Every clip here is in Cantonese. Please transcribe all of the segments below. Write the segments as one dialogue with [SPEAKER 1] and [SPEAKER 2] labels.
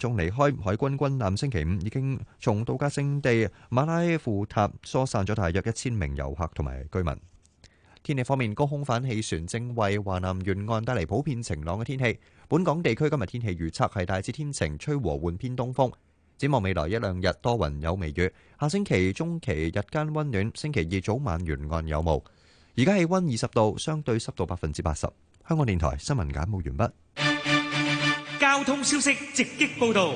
[SPEAKER 1] 仲離開海軍軍艦，星期五已經從度假勝地馬拉庫塔疏散咗大約一千名遊客同埋居民。天氣方面，高空反氣旋正為華南沿岸帶嚟普遍晴朗嘅天氣。本港地區今日天氣預測係大致天晴，吹和緩偏東風。展望未來一兩日，多雲有微雨。下星期中期日間溫暖，星期二早晚沿岸有霧。而家氣溫二十度，相對濕度百分之八十。香港電台新聞簡報完畢。
[SPEAKER 2] 交通消息直擊報道。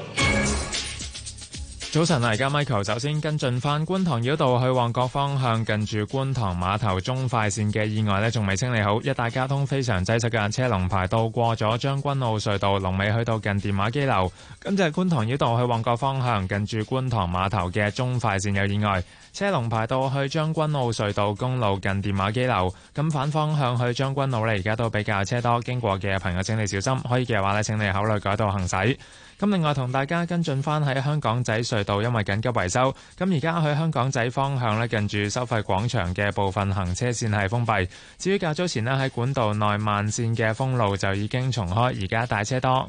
[SPEAKER 2] 早晨，而家 Michael，首先跟進翻觀塘繞道去旺角方向，近住觀塘碼頭中快線嘅意外呢，仲未清理好，一帶交通非常擠塞嘅，車龍排到過咗將軍澳隧道，龍尾去到近電話機樓。咁就係觀塘繞道去旺角方向，近住觀塘碼頭嘅中快線有意外。車龍排到去將軍澳隧道公路近電話機樓，咁反方向去將軍澳呢，而家都比較車多。經過嘅朋友，請你小心。可以嘅話呢，請你考慮改道行駛。咁另外同大家跟進返喺香港仔隧道，因為緊急維修，咁而家去香港仔方向呢，近住收費廣場嘅部分行車線係封閉。至於較早前呢，喺管道內慢線嘅封路就已經重開，而家大車多。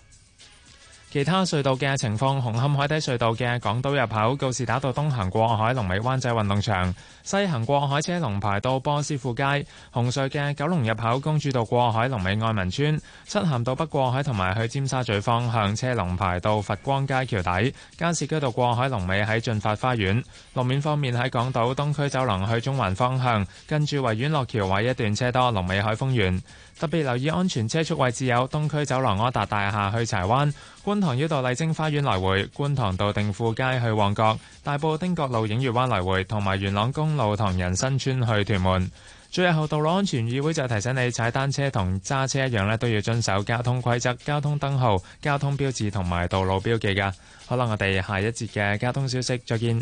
[SPEAKER 2] 其他隧道嘅情況，紅磡海底隧道嘅港島入口，告士打道東行過海，龍尾灣仔運動場；西行過海，車龍排到波斯富街。紅隧嘅九龍入口，公主道過海，龍尾愛民村；漆咸道北過海同埋去尖沙咀方向，車龍排到佛光街橋底。加士居道過海，龍尾喺進發花園。路面方面喺港島東區走廊去中環方向，跟住維園落橋位一段車多，龍尾海峰園。特別留意安全車速位置有東區走廊柯達大廈去柴灣、觀塘繞道麗晶花園來回、觀塘道定富街去旺角、大埔汀角路映月灣來回，同埋元朗公路唐人新村去屯門。最後，道路安全議會就提醒你，踩單車同揸車一樣呢，都要遵守交通規則、交通燈號、交通標誌同埋道路標記噶。好啦，我哋下一節嘅交通消息再見。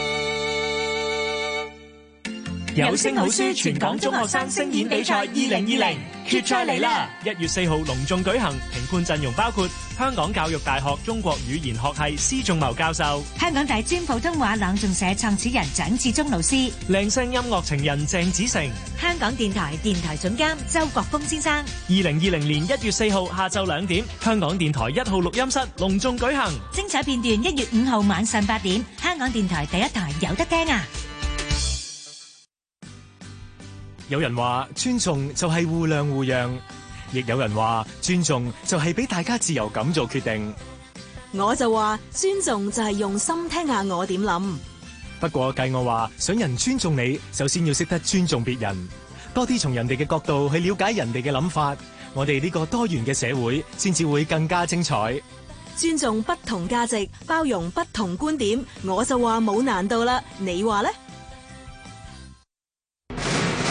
[SPEAKER 2] 有聲好書全港中學生聲演比賽二零二零決賽嚟啦！一月四號隆重舉行，評判陣容包括香港教育大學中國語言學系施仲謀教授、
[SPEAKER 3] 香港大專普通話朗誦社創始人蔣志忠老師、靚聲音樂情人鄭子誠、香港電台電台總監周國
[SPEAKER 2] 峰先生。二零二零年一月四號下晝兩點，香港電台一號錄音室隆重
[SPEAKER 3] 舉行。精彩片段一月五號晚上八點，香港電台第一台有得聽啊！
[SPEAKER 2] 有人話尊重就係互諒互讓，亦有人話尊重就係俾大家自由咁做決定。
[SPEAKER 4] 我就話尊重就係用心聽下我點諗。
[SPEAKER 2] 不過計我話想人尊重你，首先要識得尊重別人，多啲從人哋嘅角度去了解人哋嘅諗法。我哋呢個多元嘅社會，先至會更加精彩。
[SPEAKER 4] 尊重不同價值，包容不同觀點，我就話冇難度啦。你話呢？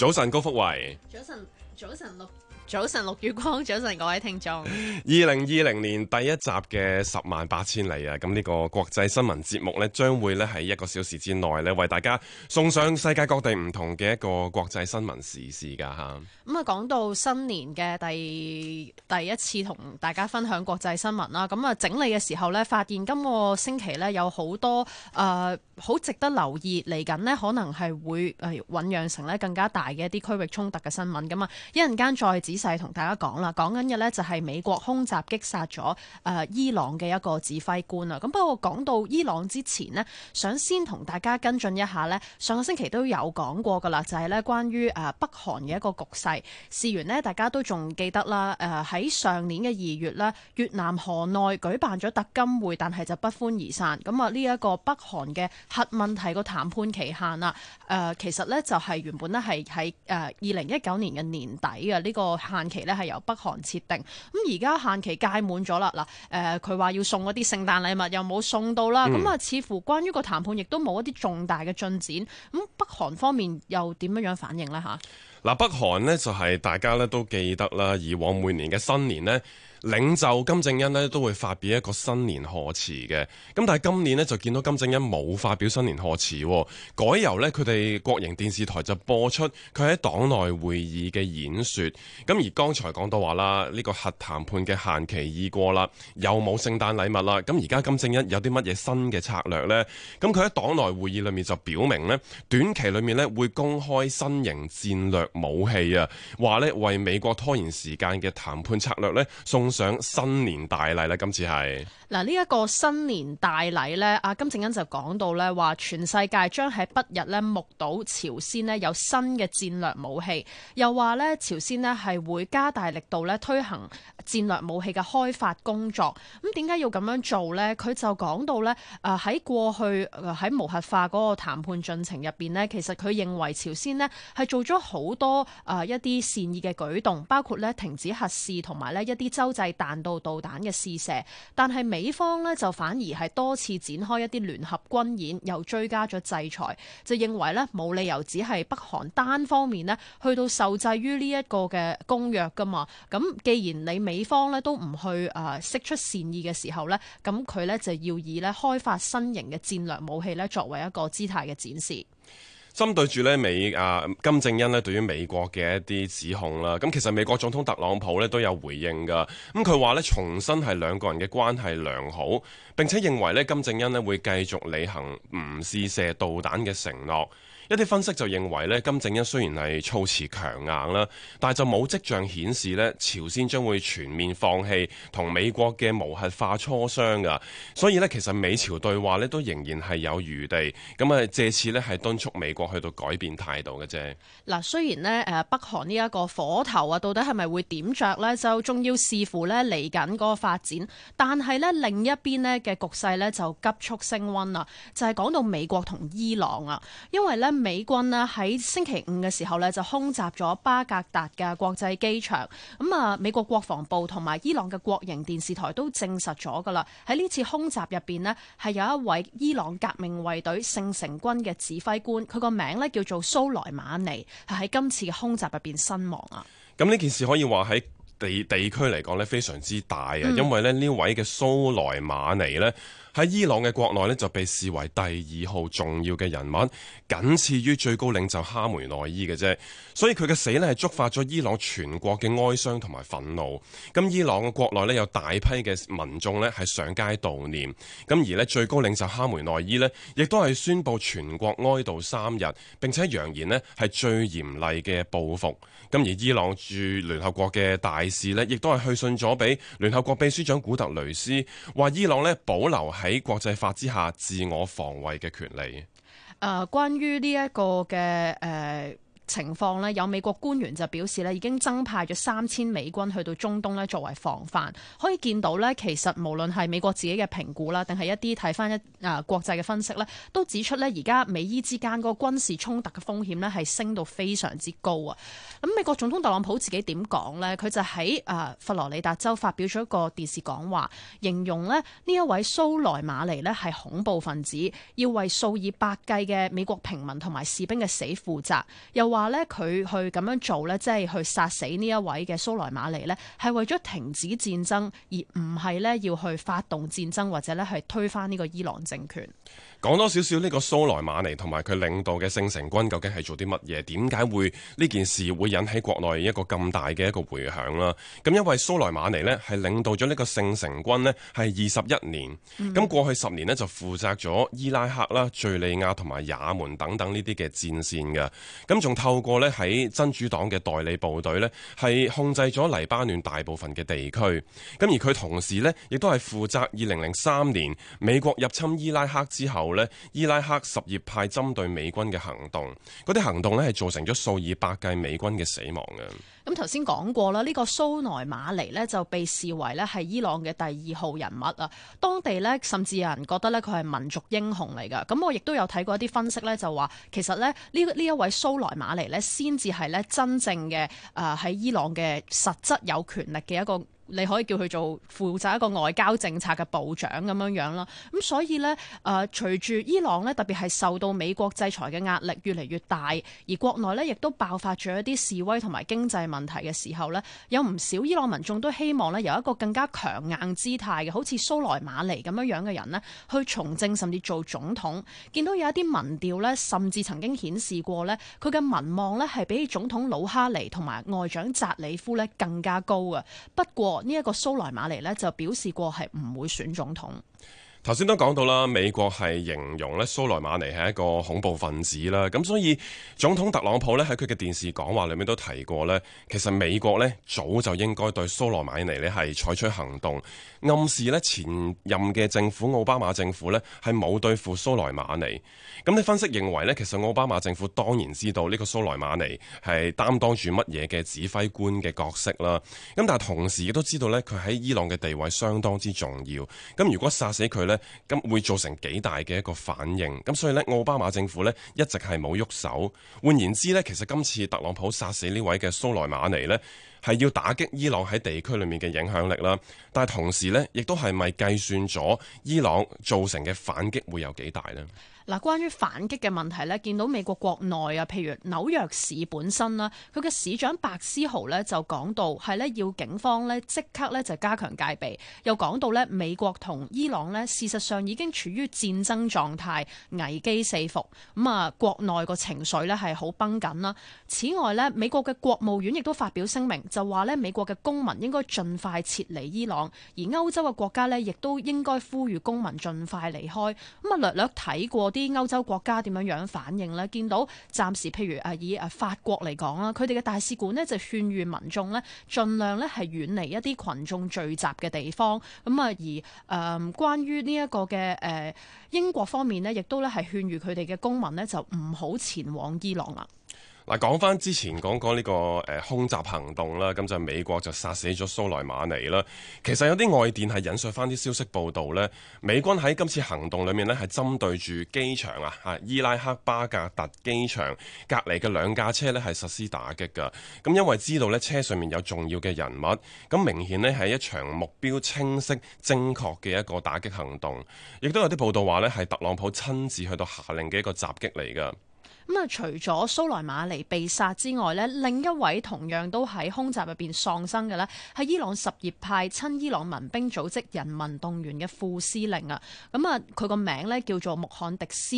[SPEAKER 5] 早晨，高福慧。早晨，
[SPEAKER 4] 早晨六。早晨，六月光，早晨各位聽眾。
[SPEAKER 5] 二零二零年第一集嘅十萬八千里啊！咁呢個國際新聞節目咧，將會咧喺一個小時之內咧，為大家送上世界各地唔同嘅一個國際新聞時事噶吓。咁
[SPEAKER 4] 啊，講到新年嘅第第一次同大家分享國際新聞啦。咁啊，整理嘅時候咧，發現今個星期咧有好多誒，好值得留意嚟緊咧，可能係會誒醞釀成咧更加大嘅一啲區域衝突嘅新聞，咁啊一陣間再同大家講啦，講緊嘅呢就係美國空襲擊殺咗伊朗嘅一個指揮官啊。咁不過講到伊朗之前呢，想先同大家跟進一下呢。上個星期都有講過噶啦，就係呢關於北韓嘅一個局勢。事緣呢，大家都仲記得啦，喺上年嘅二月呢，越南河內舉辦咗特金會，但係就不歡而散。咁啊，呢一個北韓嘅核問題個談判期限啦，其實呢就係原本呢係喺二零一九年嘅年底嘅呢個。限期咧係由北韓設定，咁而家限期屆滿咗啦。嗱、呃，誒佢話要送嗰啲聖誕禮物又冇送到啦，咁、嗯、啊似乎關於個談判亦都冇一啲重大嘅進展。咁北韓方面又點樣樣反應呢？嚇，
[SPEAKER 5] 嗱，北韓咧就係大家咧都記得啦，以往每年嘅新年咧。領袖金正恩呢都會發表一個新年賀詞嘅，咁但係今年呢，就見到金正恩冇發表新年賀詞，改由呢，佢哋國營電視台就播出佢喺黨內會議嘅演說。咁而剛才講到話啦，呢個核談判嘅限期已過啦，又冇聖誕禮物啦。咁而家金正恩有啲乜嘢新嘅策略呢？咁佢喺黨內會議裏面就表明呢，短期裏面呢會公開新型戰略武器啊，話呢為美國拖延時間嘅談判策略呢。送。上新年大禮啦，今次係
[SPEAKER 4] 嗱呢一個新年大禮咧，阿金正恩就講到咧話，全世界將喺不日咧目睹朝鮮咧有新嘅戰略武器，又話咧朝鮮咧係會加大力度咧推行戰略武器嘅開發工作。咁點解要咁樣做咧？佢就講到咧，誒喺過去喺無核化嗰個談判進程入邊咧，其實佢認為朝鮮咧係做咗好多誒一啲善意嘅舉動，包括咧停止核試同埋咧一啲周彈道導彈嘅試射，但係美方呢，就反而係多次展開一啲聯合軍演，又追加咗制裁，就認為呢冇理由只係北韓單方面呢去到受制於呢一個嘅公約噶嘛。咁既然你美方呢都唔去誒、呃、釋出善意嘅時候呢，咁佢呢就要以呢開發新型嘅戰略武器呢作為一個姿態嘅展示。
[SPEAKER 5] 針對住咧美啊，金正恩呢對於美國嘅一啲指控啦，咁其實美國總統特朗普咧都有回應㗎。咁佢話咧，重申係兩個人嘅關係良好，並且認為咧金正恩呢會繼續履行唔試射導彈嘅承諾。一啲分析就認為呢金正恩雖然係措辭強硬啦，但係就冇跡象顯示呢朝鮮將會全面放棄同美國嘅無核化磋商噶。所以呢其實美朝對話呢都仍然係有餘地，咁啊藉此係敦促美國去到改變態度嘅啫。
[SPEAKER 4] 嗱，雖然呢北韓呢一個火頭啊，到底係咪會點着呢？就仲要視乎呢嚟緊嗰個發展。但係呢另一邊呢嘅局勢呢就急速升温啦。就係講到美國同伊朗啊，因為美軍呢喺星期五嘅時候呢就空襲咗巴格達嘅國際機場。咁啊，美國國防部同埋伊朗嘅國營電視台都證實咗㗎啦。喺呢次空襲入邊呢係有一位伊朗革命衛隊聖城軍嘅指揮官，佢個名呢叫做蘇萊馬尼，係喺今次嘅空襲入邊身亡啊。
[SPEAKER 5] 咁呢件事可以話喺地地區嚟講呢非常之大啊，嗯、因為呢位嘅蘇萊馬尼呢。喺伊朗嘅國內呢就被視為第二號重要嘅人物，僅次於最高領袖哈梅內伊嘅啫。所以佢嘅死呢，係觸發咗伊朗全國嘅哀傷同埋憤怒。咁伊朗嘅國內呢，有大批嘅民眾呢係上街悼念。咁而呢，最高領袖哈梅內伊呢，亦都係宣布全國哀悼三日，並且揚言呢係最嚴厲嘅報復。咁而伊朗駐聯合國嘅大使呢，亦都係去信咗俾聯合國秘書長古特雷斯，話伊朗呢保留。喺國際法之下，自我防衛嘅權利，
[SPEAKER 4] 呃。誒，關於呢一個嘅誒。呃情況呢，有美國官員就表示呢已經增派咗三千美軍去到中東咧，作為防範。可以見到呢，其實無論係美國自己嘅評估啦，定係一啲睇返一啊國際嘅分析呢，都指出呢，而家美伊之間嗰個軍事衝突嘅風險呢，係升到非常之高啊！咁美國總統特朗普自己點講呢？佢就喺啊佛羅里達州發表咗一個電視講話，形容咧呢一位蘇萊馬尼呢，係恐怖分子，要為數以百計嘅美國平民同埋士兵嘅死負責，又話，話咧佢去咁樣做咧，即係去殺死呢一位嘅蘇萊馬尼咧，係為咗停止戰爭，而唔係咧要去發動戰爭或者咧係推翻呢個伊朗政權。
[SPEAKER 5] 講多少少呢個蘇萊馬尼同埋佢領導嘅聖城軍究竟係做啲乜嘢？點解會呢件事會引起國內一個咁大嘅一個回響啦？咁因為蘇萊馬尼呢係領導咗呢個聖城軍呢係二十一年，咁過去十年呢，就負責咗伊拉克啦、敘利亞同埋也門等等呢啲嘅戰線嘅，咁仲透過呢喺真主黨嘅代理部隊呢，係控制咗黎巴嫩大部分嘅地區，咁而佢同時呢，亦都係負責二零零三年美國入侵伊拉克之後，咧伊拉克什葉派針對美軍嘅行動，嗰啲行動咧係造成咗數以百計美軍嘅死亡嘅。
[SPEAKER 4] 咁頭先講過啦，呢、這個蘇萊曼尼咧就被視為咧係伊朗嘅第二號人物啊，當地咧甚至有人覺得咧佢係民族英雄嚟㗎。咁我亦都有睇過一啲分析咧，就話其實咧呢呢一位蘇萊曼尼咧先至係咧真正嘅誒喺伊朗嘅實質有權力嘅一個。你可以叫佢做負責一個外交政策嘅部長咁樣樣啦。咁所以呢，誒、呃，隨住伊朗呢特別係受到美國制裁嘅壓力越嚟越大，而國內呢亦都爆發咗一啲示威同埋經濟問題嘅時候呢，有唔少伊朗民眾都希望呢由一個更加強硬姿態嘅，好似蘇萊馬尼咁樣樣嘅人呢去從政甚至做總統。見到有一啲民調呢，甚至曾經顯示過呢，佢嘅民望呢係比總統魯哈尼同埋外長扎里夫呢更加高嘅。不過，呢一個蘇萊馬尼呢就表示過係唔會選總統。
[SPEAKER 5] 頭先都講到啦，美國係形容咧，蘇萊馬尼係一個恐怖分子啦，咁所以總統特朗普咧，喺佢嘅電視講話裏面都提過咧，其實美國呢早就應該對蘇萊馬尼呢係採取行動，暗示呢前任嘅政府奧巴馬政府呢係冇對付蘇萊馬尼，咁你分析認為呢，其實奧巴馬政府當然知道呢個蘇萊馬尼係擔當住乜嘢嘅指揮官嘅角色啦，咁但係同時亦都知道呢，佢喺伊朗嘅地位相當之重要，咁如果殺死佢。咁會造成幾大嘅一個反應，咁所以呢，奧巴馬政府呢一直係冇喐手。換言之呢，其實今次特朗普殺死呢位嘅蘇萊馬尼呢，係要打擊伊朗喺地區裏面嘅影響力啦。但係同時呢，亦都係咪計算咗伊朗造成嘅反擊會有幾大呢？
[SPEAKER 4] 嗱，關於反擊嘅問題咧，見到美國國內啊，譬如紐約市本身啦，佢嘅市長白思豪咧就講到係咧要警方咧即刻咧就加強戒備，又講到咧美國同伊朗咧事實上已經處於戰爭狀態，危機四伏，咁啊國內個情緒咧係好繃緊啦。此外咧，美國嘅國務院亦都發表聲明，就話咧美國嘅公民應該盡快撤離伊朗，而歐洲嘅國家咧亦都應該呼籲公民盡快離開。咁啊，略略睇過啲。啲歐洲國家點樣樣反應呢？見到暫時譬如誒以誒法國嚟講啦，佢哋嘅大使館呢就勸喻民眾呢盡量呢係遠離一啲群眾聚集嘅地方。咁啊，而、呃、誒關於呢一個嘅誒、呃、英國方面呢，亦都咧係勸喻佢哋嘅公民呢就唔好前往伊朗啦。
[SPEAKER 5] 嗱，講翻之前講過呢個誒、呃、空襲行動啦，咁就美國就殺死咗蘇萊馬尼啦。其實有啲外電係引述翻啲消息報道，呢美軍喺今次行動裏面呢係針對住機場啊，伊拉克巴格達機場隔離嘅兩架車呢係實施打擊㗎。咁因為知道呢車上面有重要嘅人物，咁明顯呢係一場目標清晰、精確嘅一個打擊行動。亦都有啲報道話呢係特朗普親自去到下令嘅一個襲擊嚟㗎。
[SPEAKER 4] 咁啊，除咗蘇萊馬尼被殺之外咧，另一位同樣都喺空襲入邊喪生嘅咧，係伊朗什葉派親伊朗民兵組織人民動員嘅副司令啊。咁啊，佢個名咧叫做穆罕迪斯，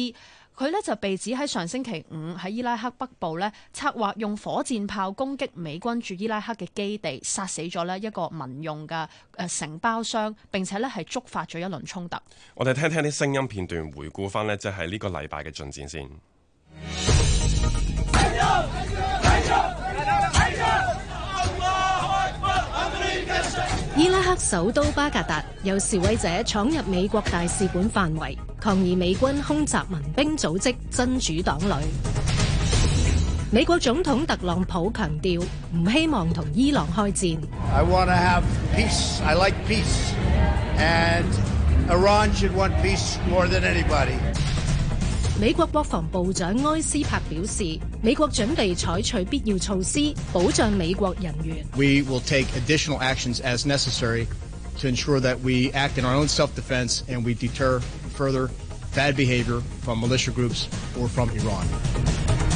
[SPEAKER 4] 佢咧就被指喺上星期五喺伊拉克北部咧策劃用火箭炮攻擊美軍駐伊拉克嘅基地，殺死咗咧一個民用嘅誒承包商，並且咧係觸發咗一輪衝突。
[SPEAKER 5] 我哋聽聽啲聲音片段，回顧翻呢，即係呢個禮拜嘅進展先。
[SPEAKER 3] 伊拉克首都巴格達有示威者闖入美國大使館範圍，抗議美軍空襲民兵組織真主黨裏。美國總統特朗普強調，唔希望同伊朗開戰。美國國防部長埃斯珀表示，美國準備採取必要措施，保障美國人員。
[SPEAKER 4] We will take additional actions as necessary to ensure that we act in our own self-defense and we deter further bad behavior from militia groups or from Iran.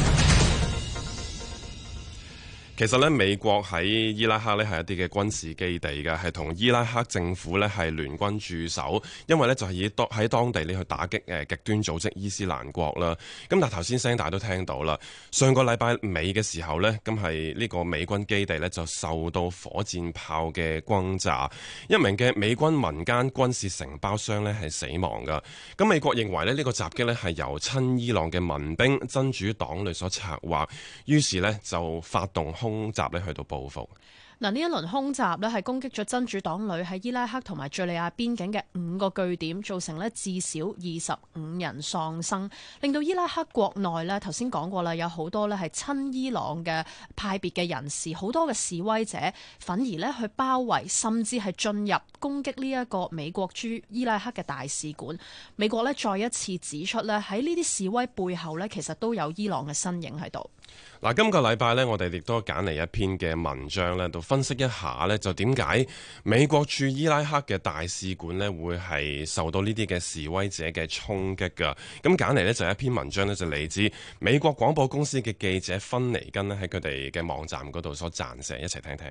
[SPEAKER 5] 其實呢美國喺伊拉克呢係一啲嘅軍事基地嘅，係同伊拉克政府呢係聯軍駐守，因為呢就係以當喺當地呢去打擊誒極端組織伊斯蘭國啦。咁但係頭先聲大家都聽到啦，上個禮拜尾嘅時候呢，咁係呢個美軍基地呢，就受到火箭炮嘅轟炸，一名嘅美軍民間軍事承包商呢係死亡㗎。咁美國認為呢呢個襲擊呢係由親伊朗嘅民兵真主黨類所策劃，於是呢就發動空空襲咧，去到報復
[SPEAKER 4] 嗱，呢一輪空襲呢，係攻擊咗真主黨旅喺伊拉克同埋敘利亞邊境嘅五個據點，造成呢至少二十五人喪生，令到伊拉克國內呢頭先講過啦，有好多呢係親伊朗嘅派別嘅人士，好多嘅示威者，反而呢去包圍甚至係進入攻擊呢一個美國駐伊拉克嘅大使館。美國呢再一次指出呢，喺呢啲示威背後呢，其實都有伊朗嘅身影喺度。
[SPEAKER 5] 嗱，今個禮拜咧，我哋亦都揀嚟一篇嘅文章咧，度分析一下咧，就點解美國駐伊拉克嘅大使館呢會係受到呢啲嘅示威者嘅衝擊噶？咁揀嚟呢，就係一篇文章呢，就嚟自美國廣播公司嘅記者芬尼根呢喺佢哋嘅網站嗰度所撰寫，一齊聽聽。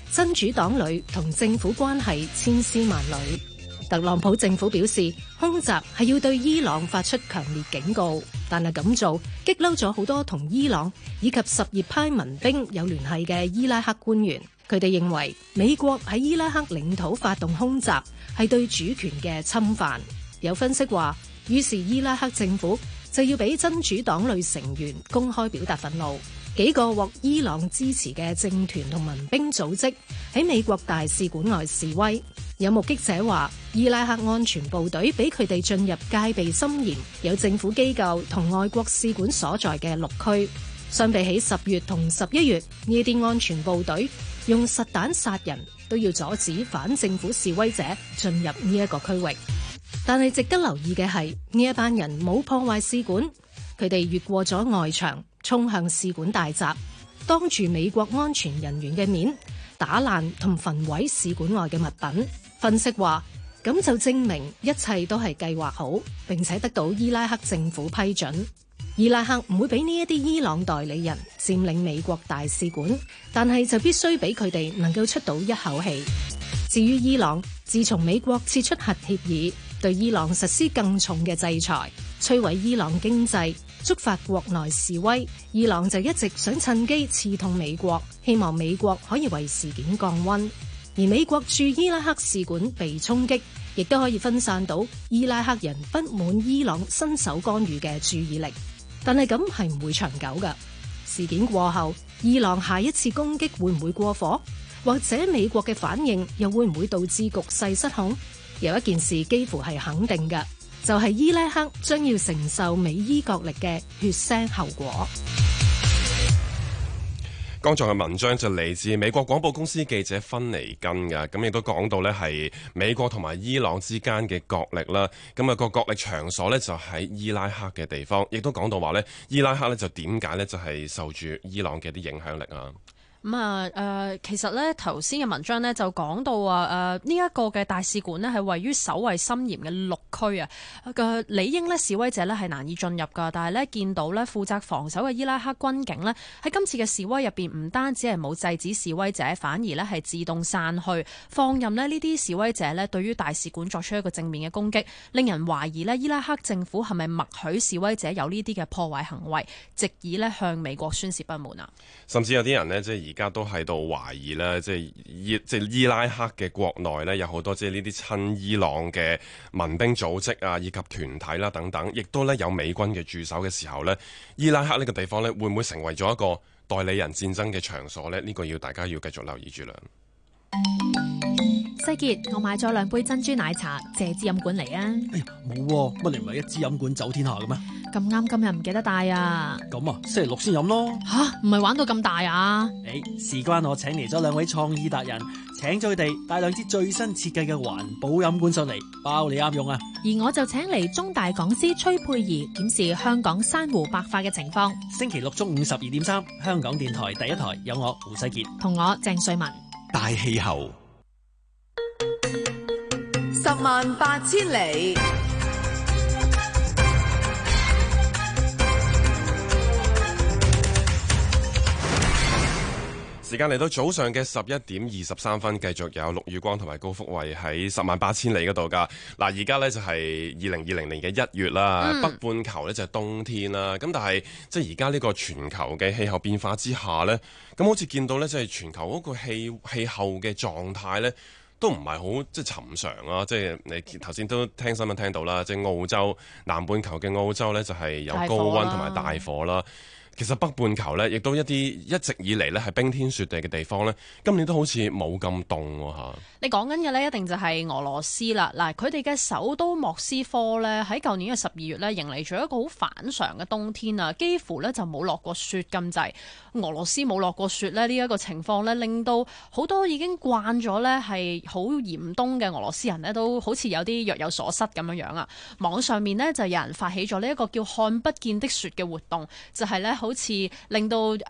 [SPEAKER 3] 真主黨旅同政府關係千絲萬縷。特朗普政府表示，空襲係要對伊朗發出強烈警告，但係咁做激嬲咗好多同伊朗以及什葉派民兵有聯繫嘅伊拉克官員。佢哋認為美國喺伊拉克領土發動空襲係對主權嘅侵犯。有分析話，於是伊拉克政府就要俾真主黨旅成員公開表達憤怒。幾個獲伊朗支持嘅政團同民兵組織喺美國大使館外示威。有目擊者話，伊拉克安全部隊俾佢哋進入戒備森嚴、有政府機構同外國使館所在嘅六區。相比起十月同十一月，呢啲安全部隊用實彈殺人，都要阻止反政府示威者進入呢一個區域。但係值得留意嘅係，呢一班人冇破壞使館，佢哋越過咗外牆。衝向使館大閘，當住美國安全人員嘅面打爛同焚毀使館外嘅物品。分析話，咁就證明一切都係計劃好，並且得到伊拉克政府批准。伊拉克唔會俾呢一啲伊朗代理人佔領美國大使館，但係就必須俾佢哋能夠出到一口氣。至於伊朗，自從美國撤出核協議，對伊朗實施更重嘅制裁，摧毀伊朗經濟。觸發國內示威，伊朗就一直想趁機刺痛美國，希望美國可以為事件降溫。而美國駐伊拉克使館被衝擊，亦都可以分散到伊拉克人不滿伊朗伸手干預嘅注意力。但係咁係唔會長久噶。事件過後，伊朗下一次攻擊會唔會過火？或者美國嘅反應又會唔會導致局勢失控？有一件事幾乎係肯定噶。就係、是、伊拉克將要承受美伊角力嘅血腥後果。
[SPEAKER 5] 剛才嘅文章就嚟自美國廣播公司記者芬尼根嘅，咁亦都講到呢係美國同埋伊朗之間嘅角力啦。咁、那、啊個角力場所呢就喺伊拉克嘅地方，亦都講到話呢伊拉克呢就點解呢？就係受住伊朗嘅啲影響力啊。
[SPEAKER 4] 咁、嗯、啊，誒、呃，其實咧頭先嘅文章咧就講到啊，誒呢一個嘅大使館咧係位於守衛森嚴嘅綠區啊，嘅、呃、理應咧示威者咧係難以進入噶。但係咧見到咧負責防守嘅伊拉克軍警咧喺今次嘅示威入邊，唔單止係冇制止示威者，反而咧係自動散去，放任咧呢啲示威者咧對於大使館作出一個正面嘅攻擊，令人懷疑咧伊拉克政府係咪默許示威者有呢啲嘅破壞行為，直以咧向美國宣泄不滿啊？
[SPEAKER 5] 甚至有啲人咧即係而家都喺度懷疑呢，即係伊即係伊拉克嘅國內呢，有好多即係呢啲親伊朗嘅民兵組織啊，以及團體啦等等，亦都呢有美軍嘅駐守嘅時候呢，伊拉克呢個地方呢，會唔會成為咗一個代理人戰爭嘅場所呢？呢個要大家要繼續留意住啦。
[SPEAKER 3] 世傑，我買咗兩杯珍珠奶茶，借支飲管嚟
[SPEAKER 4] 啊！哎呀，冇乜，啊，你唔係一支飲管走天下嘅咩？
[SPEAKER 3] 咁啱今日唔記得帶啊！
[SPEAKER 4] 咁，嗯、啊，星期六先飲咯。
[SPEAKER 3] 吓，啊，唔係玩到咁大
[SPEAKER 2] 啊？誒，哎，事關我請嚟咗兩位創意達人，請咗佢哋帶兩支最新設計嘅環保飲管上嚟，包你啱用啊！
[SPEAKER 3] 而我就請嚟中大講師崔佩儀，檢視香港珊瑚白化嘅情況。
[SPEAKER 2] 星期六中午十二點三，香港電台第一
[SPEAKER 1] 台有我胡世傑
[SPEAKER 3] 同我鄭瑞文，
[SPEAKER 1] 大氣候。
[SPEAKER 3] 十萬八千里。
[SPEAKER 5] 時間嚟到早上嘅十一點二十三分，繼續有陸宇光同埋高福慧喺十萬八千里嗰度㗎。嗱，而家呢就係二零二零年嘅一月啦，北半球呢就係冬天啦。咁但係即係而家呢個全球嘅氣候變化之下呢，咁好似見到呢，即係全球嗰個氣氣候嘅狀態呢。都唔係好即係尋常啊！即係你頭先都聽新聞聽到啦，即係澳洲南半球嘅澳洲呢，就係有高溫同埋大火啦。其實北半球呢，亦都一啲一直以嚟呢係冰天雪地嘅地方呢，今年都好似冇咁凍吓。
[SPEAKER 4] 你講緊嘅呢，一定就係俄羅斯啦。嗱，佢哋嘅首都莫斯科呢，喺舊年嘅十二月呢，迎嚟咗一個好反常嘅冬天啊，幾乎呢就冇落過雪咁滯。俄羅斯冇落過雪呢，呢一個情況呢，令到好多已經慣咗呢係好嚴冬嘅俄羅斯人呢，都好似有啲若有所失咁樣樣啊。網上面呢，就有人發起咗呢一個叫《看不見的雪》嘅活動，就係呢。好似令到誒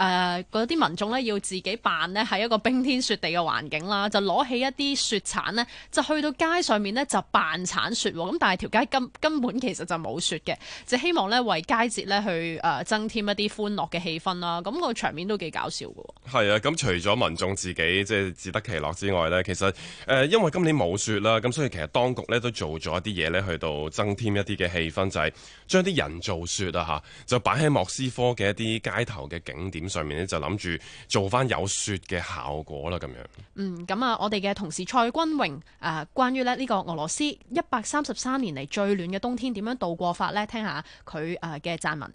[SPEAKER 4] 嗰啲民眾咧要自己扮咧，喺一個冰天雪地嘅環境啦，就攞起一啲雪鏟咧，就去到街上面咧就扮鏟雪。咁但係條街根根本其實就冇雪嘅，就希望咧為佳節咧去誒增添一啲歡樂嘅氣氛啦。咁個場面都幾搞笑嘅。
[SPEAKER 5] 係啊，咁除咗民眾自己即係自得其樂之外咧，其實誒、呃、因為今年冇雪啦，咁所以其實當局咧都做咗一啲嘢咧，去到增添一啲嘅氣氛，就係將啲人造雪啊吓就擺喺莫斯科嘅一啲。啲街頭嘅景點上面咧，就諗住做翻有雪嘅效果啦，咁樣。
[SPEAKER 4] 嗯，咁啊，我哋嘅同事蔡君榮誒、呃，關於咧呢個俄羅斯一百三十三年嚟最暖嘅冬天點樣度過法呢？聽下佢誒嘅撰文。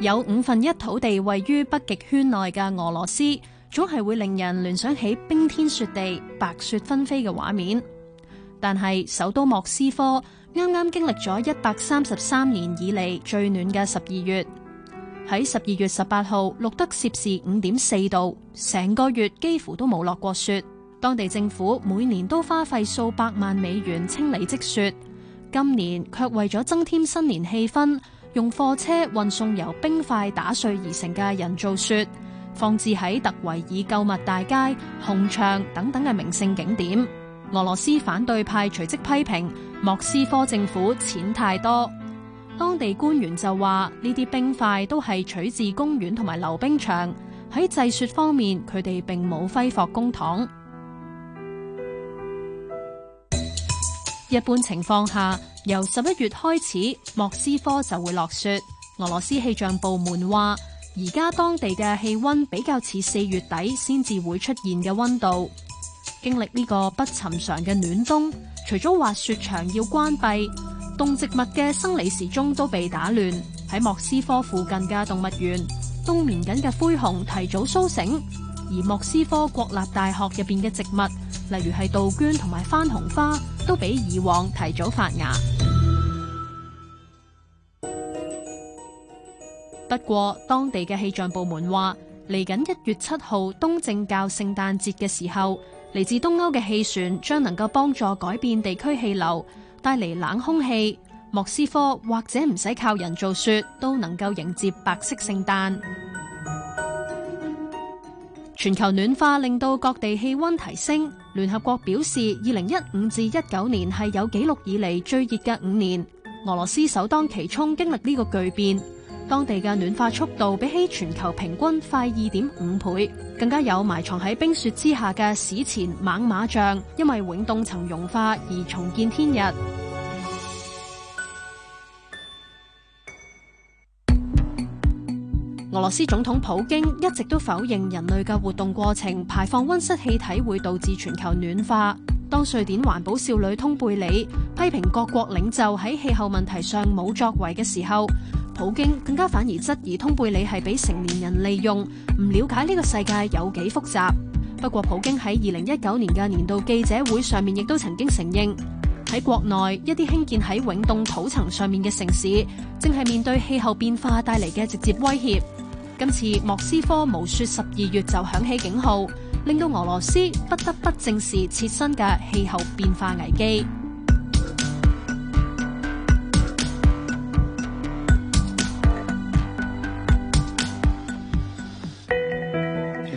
[SPEAKER 4] 有五分一土地位於北極圈內嘅俄羅斯，總係會令人聯想起冰天雪地、白雪紛飛嘅畫面。但係首都莫斯科，啱啱經歷咗一百三十三年以嚟最暖嘅十二月，喺十二月十八號錄得攝氏五點四度，成個月幾乎都冇落過雪。當地政府每年都花費數百萬美元清理積雪，今年卻為咗增添新年氣氛，用貨車運送由冰塊打碎而成嘅人造雪，放置喺特維爾購物大街、紅牆等等嘅名勝景點。俄羅斯反對派隨即批評莫斯科政府錢太多。當地官員就話，呢啲冰塊都係取自公園同埋溜冰場。喺製雪方面，佢哋並冇揮霍公帑。一般情況下，由十一月開始，莫斯科就會落雪。俄羅斯氣象部門話，而家當地嘅氣溫比較似四月底先至會出現嘅溫度。經歷呢個不尋常嘅暖冬，除咗滑雪場要關閉，動植物嘅生理時鐘都被打亂。喺莫斯科附近嘅動物園，冬眠緊嘅灰熊提早蘇醒，而莫斯科國立大學入邊嘅植物，例如係杜鵑同埋番紅花，都比以往提早發芽。不過，當地嘅氣象部門話，嚟緊一月七號，東正教聖誕節嘅時候。來自東歐嘅氣旋將能夠幫助改變地區氣流，帶嚟冷空氣。莫斯科或者唔使靠人造雪都能夠迎接白色聖誕。全球暖化令到各地氣溫提升，聯合國表示二零一五至一九年係有紀錄以嚟最熱嘅五年。俄羅斯首當其衝，經歷呢個巨變。當地嘅暖化速度比起全球平均快二點五倍，更加有埋藏喺冰雪之下嘅史前猛獁象，因為永凍層融化而重見天日。俄羅斯總統普京一直都否認人類嘅活動過程排放溫室氣體會導致全球暖化。當瑞典環保少女通貝里批評各國領袖喺氣候問題上冇作為嘅時候，普京更加反而質疑通貝里係俾成年人利用，唔了解呢個世界有幾複雜。不過普京喺二零一九年嘅年度記者會上面亦都曾經承認，喺國內一啲興建喺永凍土層上面嘅城市，正係面對氣候變化帶嚟嘅直接威脅。今次莫斯科無雪十二月就響起警號，令到俄羅斯不得不正視切身嘅氣候變化危機。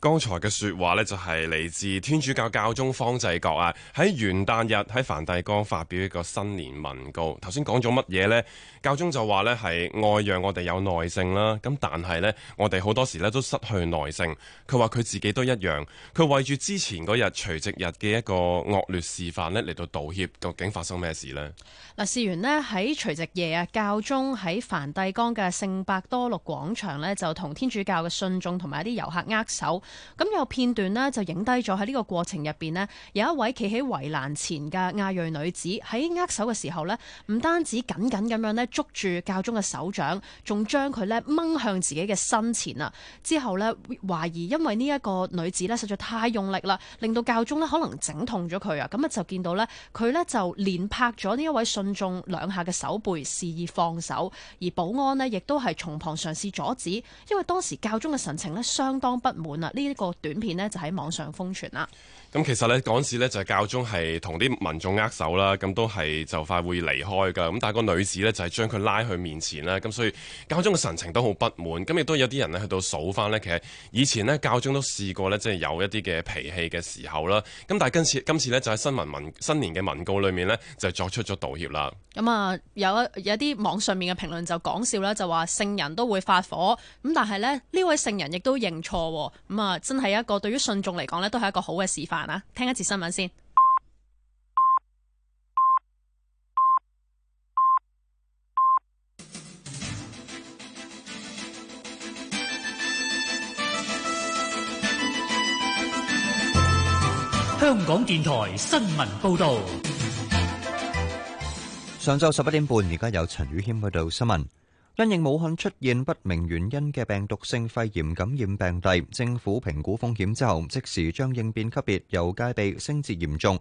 [SPEAKER 2] 剛才
[SPEAKER 5] 嘅說話呢，就係嚟自天主教教宗方濟各啊。喺元旦日喺梵蒂岡發表一個新年文告。頭先講咗乜嘢呢？教宗就話呢係愛讓我哋有耐性啦。咁但係呢，我哋好多時呢都失去耐性。佢話佢自己都一樣。佢為住之前嗰日除夕日嘅一個惡劣示範呢嚟到道歉。究竟發生咩事呢？
[SPEAKER 4] 嗱，事源呢，喺除夕夜啊，教宗喺梵蒂岡嘅聖伯多祿廣場呢，就同天主教嘅信眾同埋一啲遊客握手。咁有片段呢，就影低咗，喺呢個過程入邊呢有一位企喺圍欄前嘅亞裔女子喺握手嘅時候呢，唔單止緊緊咁樣呢捉住教宗嘅手掌，仲將佢呢掹向自己嘅身前啊！之後呢，懷疑因為呢一個女子呢實在太用力啦，令到教宗呢可能整痛咗佢啊！咁啊就見到呢，佢呢就連拍咗呢一位信眾兩下嘅手背，示意放手。而保安呢，亦都係從旁嘗試阻止，因為當時教宗嘅神情呢相當不滿啊！呢、這、一個短片呢，就喺網上瘋傳啦。
[SPEAKER 5] 咁其實呢，嗰時呢，就係教宗係同啲民眾握手啦，咁都係就快會離開噶。咁但係個女子呢，就係將佢拉去面前啦，咁所以教宗嘅神情都好不滿。咁亦都有啲人呢，去到數返呢，其實以前呢，教宗都試過呢，即係有一啲嘅脾氣嘅時候啦。咁但係今次今次，呢就喺新，新聞文新年嘅文告裏面呢，就作出咗道歉啦。
[SPEAKER 4] 咁啊，有有一啲網上面嘅評論就講笑啦，就話聖人都會發火，咁但係呢，呢位聖人亦都認錯咁啊。啊！真係一個對於信眾嚟講咧，都係一個好嘅示範啊！聽一次新聞先。
[SPEAKER 1] 香港電台新聞報道：上晝十一點半，而家有陳宇謙報道新聞。因應武漢出現不明原因嘅病毒性肺炎感染病例，政府評估風險之後，即時將應變級別由戒備升至嚴重。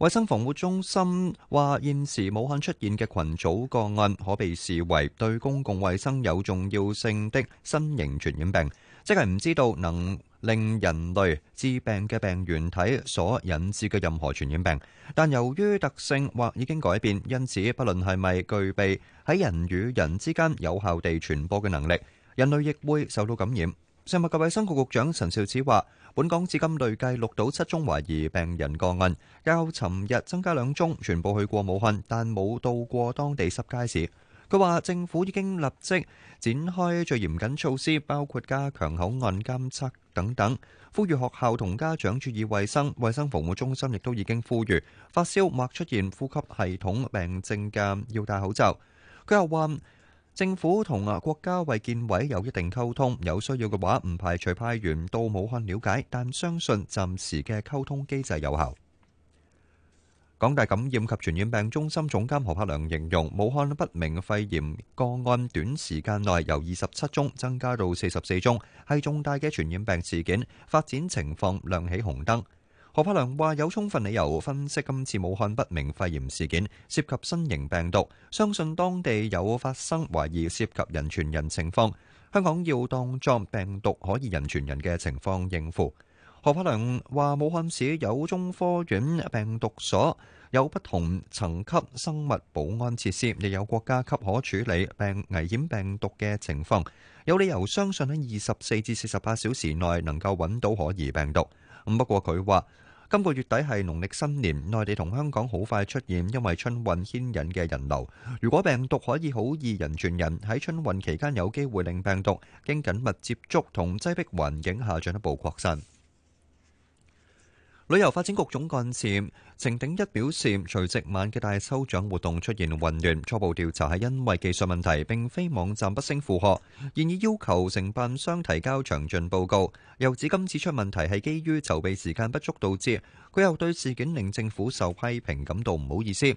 [SPEAKER 1] 衛生防護中心話，現時武漢出現嘅羣組個案可被視為對公共衛生有重要性的新型傳染病，即係唔知道能，令人類致病嘅病原體所引致嘅任何傳染病，但由於特性或已經改變，因此，不論係咪具備喺人與人之間有效地傳播嘅能力，人類亦會受到感染。食物及衞生局局長陳肇始話，本港至今累計六到七宗懷疑病人個案，較尋日增加兩宗，全部去過武漢，但冇到過當地濕街市。佢話：政府已經立即展開最嚴謹措施，包括加強口岸監測等等，呼籲學校同家長注意衛生。衞生防護中心亦都已經呼籲發燒或出現呼吸系統病症嘅要戴口罩。佢又話：政府同啊國家衞健委有一定溝通，有需要嘅話唔排除派員到武漢瞭解，但相信暫時嘅溝通機制有效。港大感染及傳染病中心總監何柏良形容，武漢不明肺炎個案短時間內由二十七宗增加到四十四宗，係重大嘅傳染病事件，發展情況亮起紅燈。何柏良話：有充分理由分析今次武漢不明肺炎事件涉及新型病毒，相信當地有發生懷疑涉及人傳人情況。香港要當作病毒可以人傳人嘅情況應付。何柏良話，武漢市有中科院病毒所，有不同層級生物保安設施，亦有國家級可處理病危險病毒嘅情況，有理由相信喺二十四至四十八小時內能夠揾到可疑病毒。咁不過佢話，今個月底係農曆新年，內地同香港好快出現因為春運牽引嘅人流。如果病毒可以好易人傳人，喺春運期間有機會令病毒經緊密接觸同擠迫環境下進一步擴散。旅遊發展局總幹事程鼎一表示，除夕晚嘅大抽獎活動出現混亂，初步調查係因為技術問題，並非網站不勝負荷，現已要求承辦商提交詳盡報告。又指今次出問題係基於籌備時間不足導致。佢又對事件令政府受批評感到唔好意思。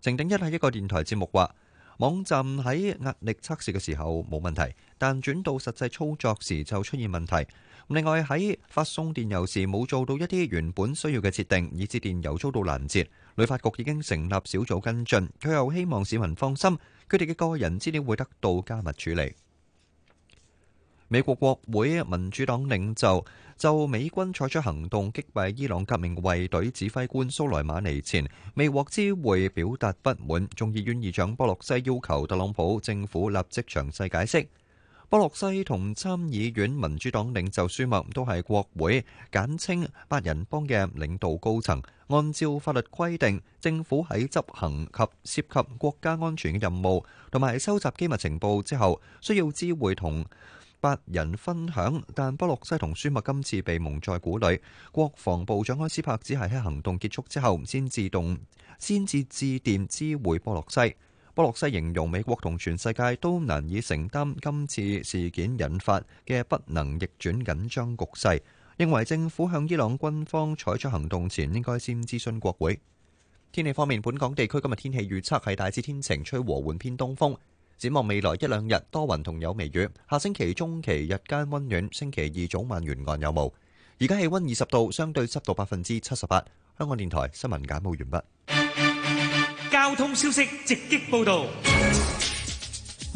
[SPEAKER 1] 程鼎一喺一個電台節目話，網站喺壓力測試嘅時候冇問題，但轉到實際操作時就出現問題。另外喺發送電郵時冇做到一啲原本需要嘅設定，以致電郵遭到攔截。旅發局已經成立小組跟進，佢又希望市民放心，佢哋嘅個人資料會得到加密處理。美國國會民主黨領袖就美軍採取行動擊斃伊朗革命衛隊指揮官蘇萊馬尼前，未獲知會表達不滿。眾議院議長波洛西要求特朗普政府立即詳細解釋。波洛西同參議院民主黨領袖舒默都係國會簡稱八人幫嘅領導高層。按照法律規定，政府喺執行及涉及國家安全嘅任務同埋收集機密情報之後，需要知會同八人分享。但波洛西同舒默今次被蒙在鼓裏。國防部長埃斯珀只係喺行動結束之後先自動先至致電知會波洛西。布洛西形容美國同全世界都難以承擔今次事件引發嘅不能逆轉緊張局勢，認為政府向伊朗軍方採取行動前應該先諮詢國會。天氣方面，本港地區今日天氣預測係大致天晴，吹和緩偏東風。展望未來一兩日多雲同有微雨，下星期中期日間溫暖，星期二早晚沿岸有霧。而家氣温二十度，相對濕度百分之七十八。香港電台新聞簡報完畢。
[SPEAKER 2] 交通消息直擊報道。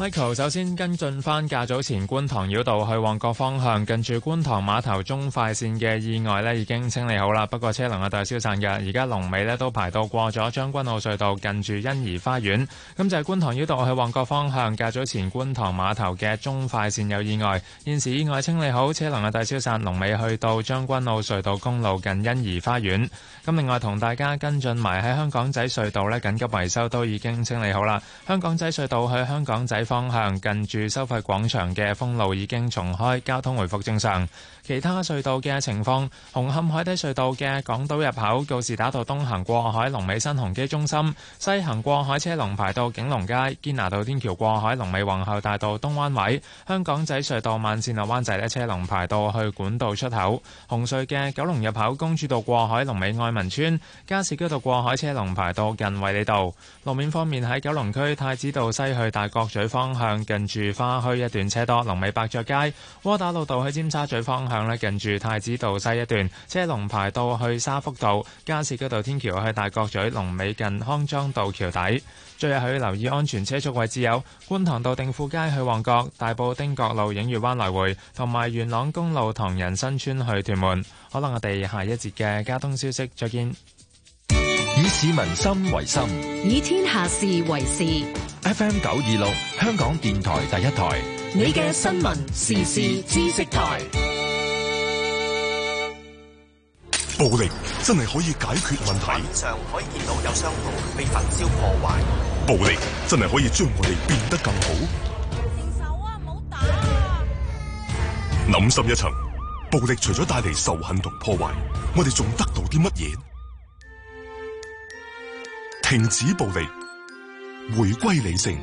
[SPEAKER 1] Michael 首先跟進
[SPEAKER 2] 返，較早前觀塘繞道去旺角方向，近住觀塘碼頭中快線嘅意外呢已經清理好啦。不過車龍有待消散嘅，而家龍尾呢都排到過咗將軍澳隧道近住欣怡花園。咁就係觀塘繞道去旺角方向，較早前觀塘碼頭嘅中快線有意外，現時意外清理好，車龍有待消散，龍尾去到將軍澳隧道公路近欣怡花園。咁另外同大家跟進埋喺香港仔隧道呢緊急維修都已經清理好啦。香港仔隧道去香港仔方向近住收費廣場嘅封路已經重開，交通回復正常。其他隧道嘅情況：紅磡海底隧道嘅港島入口、告士打道東行過海、龍尾新鴻基中心；西行過海車龍排到景隆街、堅拿道天橋過海、龍尾皇后大道東灣位；香港仔隧道慢線落灣仔嘅車龍排到去管道出口；紅隧嘅九龍入口公主道過海龍尾愛民村、加士居道過海車龍排到近衛理道。路面方面喺九龍區太子道西去大角咀方向，近住花墟一段車多，龍尾伯爵街；窩打老道去尖沙咀方向。向近住太子道西一段，車龍排到去沙福道、加士居道天橋去大角咀、龍尾近康莊道橋底。最後可留意安全車速位置有觀塘道定富街去旺角、大埔汀角路、映月灣來回，同埋元朗公路唐人新村去屯門。可能我哋下一節嘅交通消息再見。以市民心為心，
[SPEAKER 3] 以天下事為事。
[SPEAKER 2] FM 九二六，香港電台第一台，
[SPEAKER 3] 你嘅新聞時事知識台。
[SPEAKER 1] 暴力真係可以解決問題？上可以見到有商口，被焚燒破壞。
[SPEAKER 2] 暴力真係可以將我哋變得更好？諗手啊，唔好打！諗深一層，暴力除咗帶嚟仇恨同破
[SPEAKER 5] 壞，我哋仲得到啲乜嘢？停止
[SPEAKER 2] 暴力，回歸理性，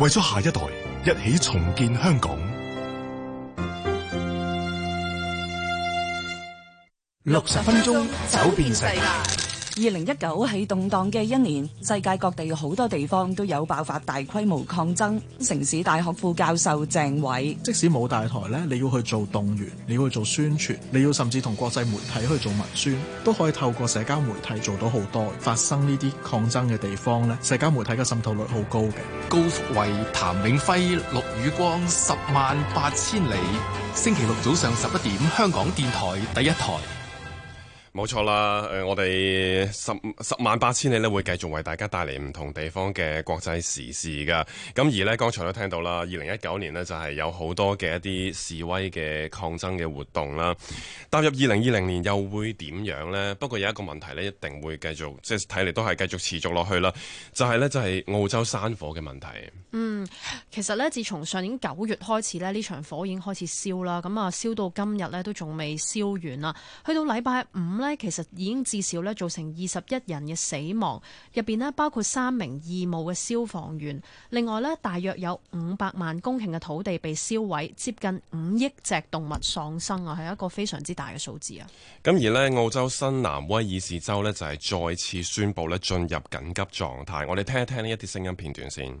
[SPEAKER 2] 為咗下一代，一起重
[SPEAKER 1] 建香港。六十分鐘走遍世
[SPEAKER 6] 界。二零一九係動盪嘅一年，世界各地好多地方都有爆發大規模抗爭。城市大學副教授鄭偉，即使
[SPEAKER 2] 冇大台呢，你要去做動員，你要去做宣傳，你要甚至同國際媒體去做文宣，都可以透過社交媒體做到好多。發生呢啲抗爭嘅地方呢，社交媒體嘅滲透率好高嘅。高福慧、譚永輝、陸宇光，十萬八千里。星期六早上十一點，香港電台第一台。
[SPEAKER 5] 冇錯啦，誒、呃，我哋十十萬八千里咧，會繼續為大家帶嚟唔同地方嘅國際時事噶。咁而呢，剛才都聽到啦，二零一九年呢，就係有好多嘅一啲示威嘅抗爭嘅活動啦。踏入二零二零年又會點樣呢？不過有一個問題呢，一定會繼續，即係睇嚟都係繼續持續落去啦。就係咧，就係澳洲山火嘅問題。
[SPEAKER 4] 嗯，其實呢，自從上年九月開始呢，呢場火已經開始燒啦。咁啊，燒到今日呢，都仲未燒完啦。去到禮拜五。咧，其實已經至少咧，造成二十一人嘅死亡，入邊咧，包括三名義務嘅消防員，另外咧，大約有五百萬公頃嘅土地被燒毀，接近五億隻動物喪生啊，係一個非常之大嘅數字啊。
[SPEAKER 5] 咁而咧，澳洲新南威爾士州咧，就係再次宣布咧，進入緊急狀態，我哋聽一聽呢一啲聲音片段先。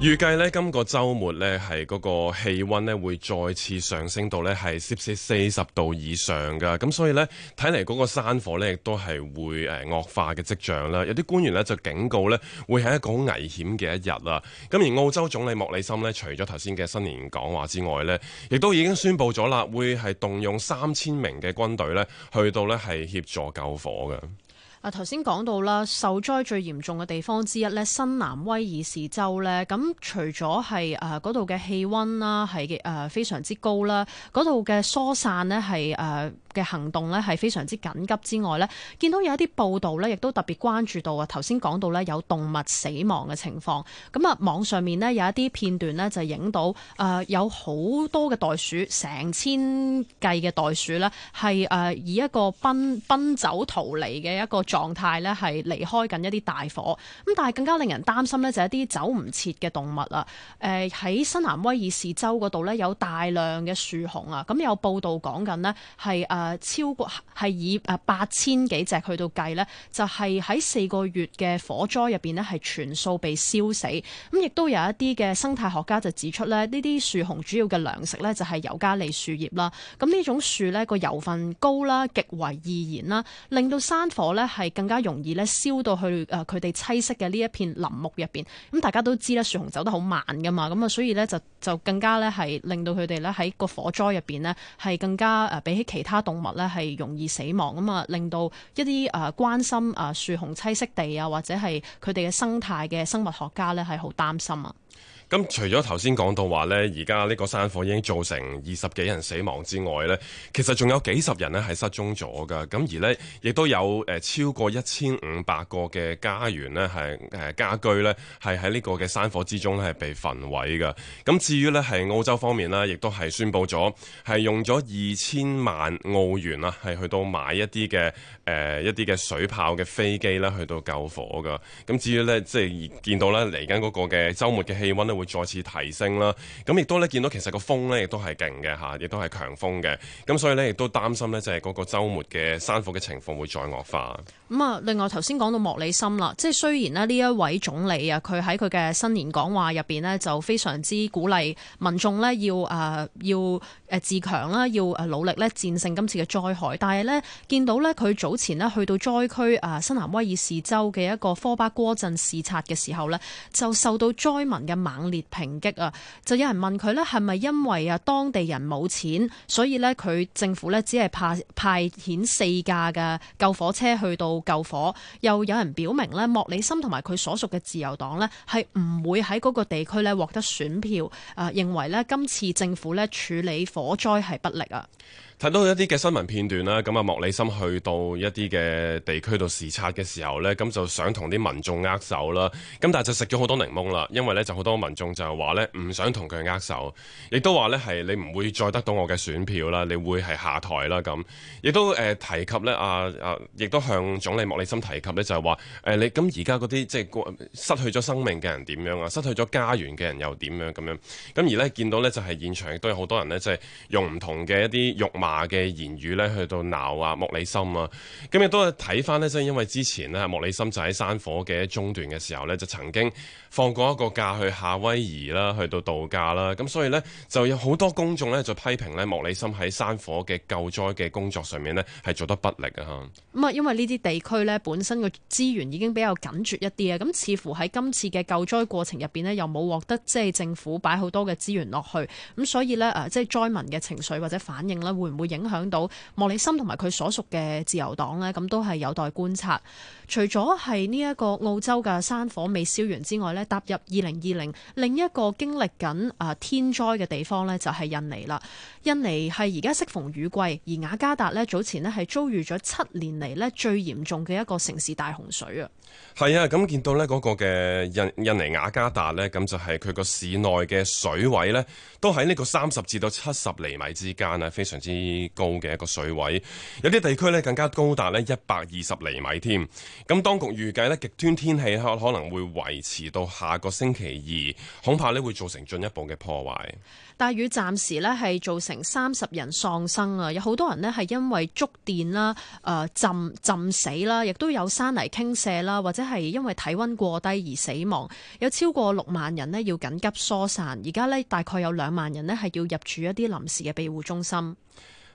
[SPEAKER 5] 預計呢，今個週末呢，係嗰個氣温呢會再次上升到呢係攝氏四十度以上嘅。咁所以呢，睇嚟嗰個山火呢，亦都係會誒、呃、惡化嘅跡象啦。有啲官員呢，就警告呢，會係一個好危險嘅一日啦。咁而澳洲總理莫里森呢，除咗頭先嘅新年講話之外呢，亦都已經宣布咗啦，會係動用三千名嘅軍隊呢，去到呢係協助救火嘅。
[SPEAKER 4] 啊，頭先講到啦，受災最嚴重嘅地方之一呢，新南威爾士州呢。咁除咗係誒嗰度嘅氣温啦，係、呃、誒非常之高啦，嗰度嘅疏散呢，係、呃、誒嘅行動呢，係非常之緊急之外呢，見到有一啲報道呢，亦都特別關注到啊。頭先講到呢，有動物死亡嘅情況，咁啊，網上面呢，有一啲片段呢就影到誒、呃、有好多嘅袋鼠，成千計嘅袋鼠呢係誒以一個奔奔走逃離嘅一個狀態呢，係離開緊一啲大火。咁但係更加令人擔心呢，就係一啲走唔切嘅動物啦。誒、呃、喺新南威爾士州嗰度呢，有大量嘅樹熊啊，咁有報道講緊呢係誒。呃超過係以八千幾隻去到計呢就係喺四個月嘅火災入面，呢係全數被燒死。咁亦都有一啲嘅生態學家就指出咧，呢啲樹熊主要嘅糧食呢，就係油加利樹葉啦。咁呢種樹呢，個油分高啦，極為易燃啦，令到山火呢係更加容易呢燒到去佢哋棲息嘅呢一片林木入面。咁大家都知啦，樹熊走得好慢噶嘛，咁啊所以呢，就就更加呢係令到佢哋呢喺個火災入面呢，係更加、呃、比起其他動物咧係容易死亡咁啊，令到一啲誒關心誒樹熊棲息地啊，或者係佢哋嘅生態嘅生物學家咧係好擔心啊。
[SPEAKER 5] 咁除咗頭先講到話呢，而家呢個山火已經造成二十幾人死亡之外呢，其實仲有幾十人呢係失蹤咗㗎。咁而呢，亦都有、呃、超過一千五百個嘅家園呢係、呃、家居呢係喺呢個嘅山火之中呢係被焚毀㗎。咁至於呢，係澳洲方面呢，亦都係宣佈咗係用咗二千萬澳元啊，係去到買一啲嘅。誒、呃、一啲嘅水炮嘅飛機啦，去到救火㗎。咁至於呢，即係見到呢嚟緊嗰個嘅周末嘅氣溫呢，會再次提升啦。咁亦都咧見到其實個風呢，亦都係勁嘅吓，亦都係強風嘅。咁所以呢，亦都擔心呢，就係、是、嗰個週末嘅山火嘅情況會再惡化。
[SPEAKER 4] 咁啊，另外頭先講到莫里森啦，即係雖然咧呢一位總理啊，佢喺佢嘅新年講話入邊呢，就非常之鼓勵民眾呢、呃，要誒要誒自強啦，要努力呢戰勝今次嘅災害。但係呢見到呢，佢早。前咧去到災區啊，新南威爾士州嘅一個科巴哥鎮視察嘅時候呢就受到災民嘅猛烈抨擊啊！就有人問佢呢係咪因為啊當地人冇錢，所以呢佢政府呢只係派派遣四架嘅救火車去到救火？又有人表明呢莫里森同埋佢所屬嘅自由黨呢係唔會喺嗰個地區呢獲得選票啊！認為呢今次政府呢處理火災係不力啊！
[SPEAKER 5] 睇到一啲嘅新聞片段啦，咁啊莫里森去到一啲嘅地區度視察嘅時候呢，咁就想同啲民眾握手啦，咁但係就食咗好多檸檬啦，因為呢就好多民眾就話呢唔想同佢握手，亦都話呢係你唔會再得到我嘅選票啦，你會係下台啦咁，亦都誒提及呢，啊啊，亦都向總理莫里森提及呢，就係話你咁而家嗰啲即係失去咗生命嘅人點樣啊，失去咗家園嘅人又點樣咁樣，咁而呢，見到呢就係現場亦都有好多人呢，即係用唔同嘅一啲肉嘅言語咧，去到鬧啊莫里森啊，咁亦都係睇翻呢即係因為之前咧，莫里森就喺山火嘅中段嘅時候呢，就曾經放過一個假去夏威夷啦，去到度假啦，咁所以呢，就有好多公眾呢，就批評咧莫里森喺山火嘅救災嘅工作上面呢，係做得不力啊咁
[SPEAKER 4] 啊，因為呢啲地區呢，本身個資源已經比較緊缺一啲啊，咁似乎喺今次嘅救災過程入邊呢，又冇獲得即係政府擺好多嘅資源落去，咁所以呢，誒，即係災民嘅情緒或者反應呢，會唔會，會影響到莫里森同埋佢所屬嘅自由黨呢，咁都係有待觀察。除咗係呢一個澳洲嘅山火未燒完之外呢，踏入二零二零，另一個經歷緊啊天災嘅地方呢，就係印尼啦。印尼係而家適逢雨季，而雅加達呢，早前呢係遭遇咗七年嚟，呢最嚴重嘅一個城市大洪水啊。
[SPEAKER 5] 係啊，咁見到呢嗰個嘅印印尼雅加達呢，咁就係佢個市內嘅水位呢，都喺呢個三十至到七十厘米之間啊，非常之。高嘅一個水位，有啲地區咧更加高達咧一百二十厘米添。咁當局預計咧極端天氣可能會維持到下個星期二，恐怕咧會造成進一步嘅破壞。
[SPEAKER 4] 大雨暫時咧係造成三十人喪生啊，有好多人咧係因為觸電啦、誒浸浸死啦，亦都有山泥傾瀉啦，或者係因為體溫過低而死亡。有超過六萬人咧要緊急疏散，而家咧大概有兩萬人咧係要入住一啲臨時嘅庇護中心。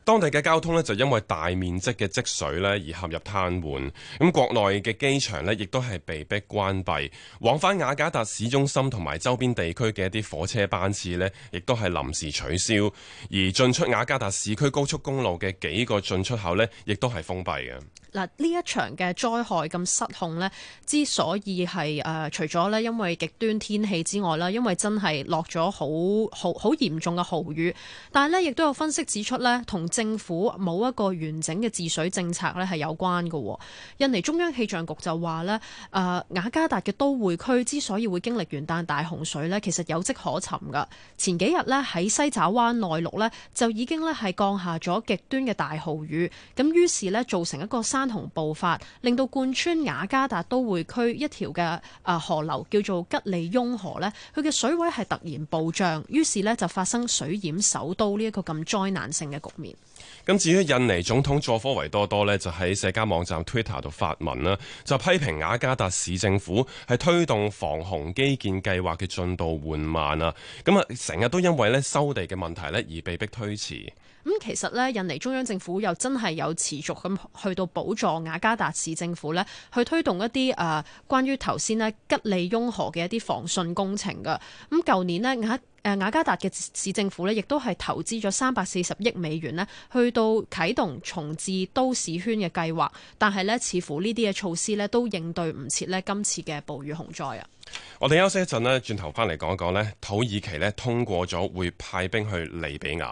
[SPEAKER 5] 當地嘅交通咧就因為大面積嘅積水咧而陷入癱瘓，咁國內嘅機場咧亦都係被迫關閉，往返雅加達市中心同埋周邊地區嘅一啲火車班次咧亦都係臨時取消，而進出雅加達市區高速公路嘅幾個進出口咧亦都係封閉嘅。
[SPEAKER 4] 嗱，呢一場嘅災害咁失控咧，之所以係誒、呃、除咗咧因為極端天氣之外啦，因為真係落咗好好好嚴重嘅豪雨，但係咧亦都有分析指出咧，同政府冇一個完整嘅治水政策咧係有關嘅。印尼中央氣象局就話咧，誒、呃、雅加達嘅都會區之所以會經歷元旦大洪水咧，其實有跡可尋㗎。前幾日咧喺西爪哇內陸咧，就已經咧係降下咗極端嘅大豪雨，咁於是咧造成一個山。同步伐令到貫穿雅加達都會區一條嘅，啊，河流叫做吉利翁河呢，佢嘅水位係突然暴漲，於是呢就發生水淹首都呢一個咁災難性嘅局面。
[SPEAKER 5] 咁至於印尼總統佐科維多多呢，就喺社交網站 Twitter 度發文啦，就批評雅加達市政府係推動防洪基建計劃嘅進度緩慢啊，咁啊成日都因為咧收地嘅問題呢而被迫推遲。
[SPEAKER 4] 咁其實呢，印尼中央政府又真係有持續咁去到補助雅加達市政府呢去推動一啲誒關於頭先呢吉利雍河嘅一啲防汛工程㗎。咁舊年呢，雅誒雅加達嘅市政府呢，亦都係投資咗三百四十億美元呢，去到啟動重置都市圈嘅計劃。但係呢，似乎呢啲嘅措施呢，都應對唔切呢今次嘅暴雨洪災啊！
[SPEAKER 5] 我哋休息一陣呢，轉頭翻嚟講一講呢，土耳其呢，通過咗會派兵去利
[SPEAKER 2] 比亞。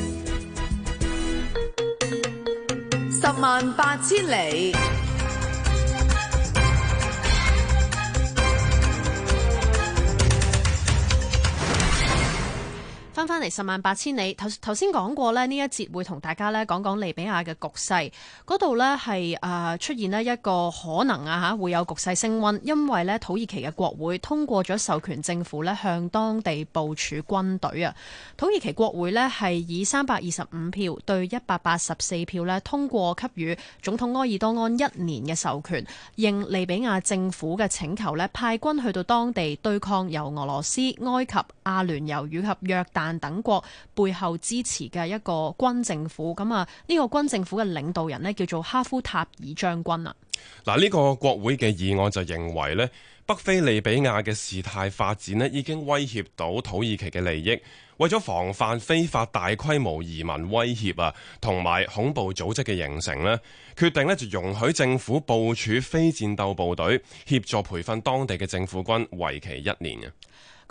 [SPEAKER 3] 萬八千里。
[SPEAKER 4] 翻翻嚟，十萬八千里，頭頭先講過咧，呢一節會同大家咧講講利比亞嘅局勢。嗰度咧係誒，出現咧一個可能啊吓，會有局勢升温，因為咧土耳其嘅國會通過咗授權政府咧向當地部署軍隊啊。土耳其國會咧係以三百二十五票對一百八十四票咧通過給予總統埃爾多安一年嘅授權，應利比亞政府嘅請求咧派軍去到當地對抗由俄羅斯、埃及、阿聯酋以及約旦。約等國背後支持嘅一個軍政府，咁啊呢個軍政府嘅領導人呢，叫做哈夫塔爾將軍啊。
[SPEAKER 5] 嗱、這、呢個國會嘅議案就認為呢，北非利比亞嘅事態發展呢，已經威脅到土耳其嘅利益，為咗防範非法大規模移民威脅啊，同埋恐怖組織嘅形成呢，決定呢，就容許政府部署非戰鬥部隊協助培訓當地嘅政府軍，為期一年啊。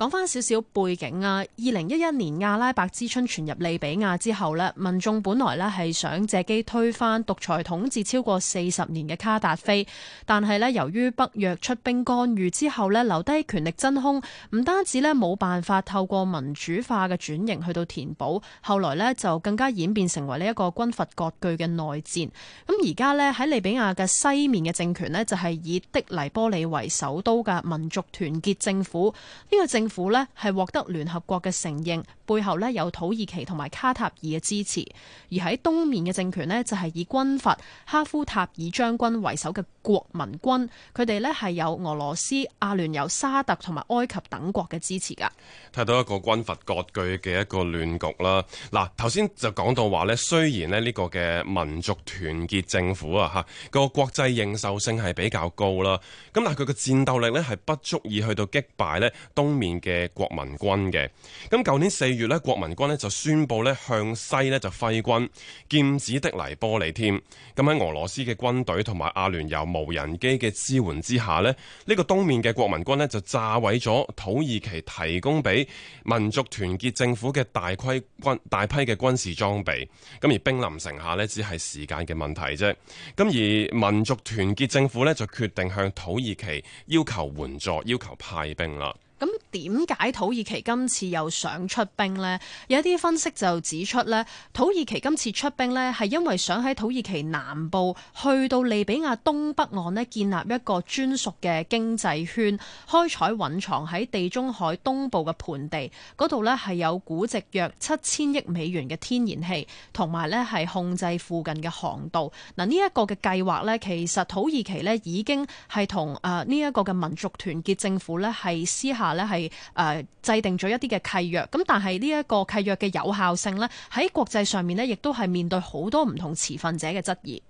[SPEAKER 4] 講翻少少背景啊！二零一一年阿拉伯之春傳入利比亞之後呢，民眾本來呢係想借機推翻獨裁統治超過四十年嘅卡達菲，但係呢，由於北約出兵干預之後呢，留低權力真空，唔單止呢冇辦法透過民主化嘅轉型去到填補，後來呢就更加演變成為呢一個軍閥割據嘅內戰。咁而家呢，喺利比亞嘅西面嘅政權呢，就係以的黎波里為首都嘅民族團結政府呢、這個政。府呢，係獲得聯合國嘅承認，背後呢有土耳其同埋卡塔爾嘅支持，而喺東面嘅政權呢，就係以軍閥哈夫塔爾將軍為首嘅國民軍，佢哋呢，係有俄羅斯、阿聯酋、沙特同埋埃及等國嘅支持噶。
[SPEAKER 5] 睇到一個軍閥割、割據嘅一個亂局啦。嗱，頭先就講到話呢，雖然呢呢個嘅民族團結政府啊吓個國際認受性係比較高啦，咁但係佢嘅戰鬥力呢，係不足以去到擊敗呢東面。嘅國民軍嘅，咁舊年四月呢，國民軍呢就宣布呢向西呢就揮軍劍指的黎波里添，咁喺俄羅斯嘅軍隊同埋阿聯酋無人機嘅支援之下呢，呢、呢個東面嘅國民軍呢就炸毀咗土耳其提供俾民族團結政府嘅大規軍大批嘅軍事裝備，咁而兵臨城下呢，只係時間嘅問題啫。咁而民族團結政府呢，就決定向土耳其要求援助，要求派兵
[SPEAKER 2] 啦。
[SPEAKER 4] 咁點解土耳其今次又想出兵呢？有一啲分析就指出呢，土耳其今次出兵呢，係因為想喺土耳其南部去到利比亞東北岸呢建立一個專屬嘅經濟圈，開採蘊藏喺地中海東部嘅盆地嗰度呢，係有估值約七千億美元嘅天然氣，同埋呢係控制附近嘅航道。嗱，呢一個嘅計劃呢，其實土耳其呢已經係同誒呢一個嘅民族團結政府呢，係私下。咧係誒制定咗一啲嘅契約，咁但係呢一個契約嘅有效性咧，喺國際上面咧，亦都係面對好多唔同持份者嘅質疑。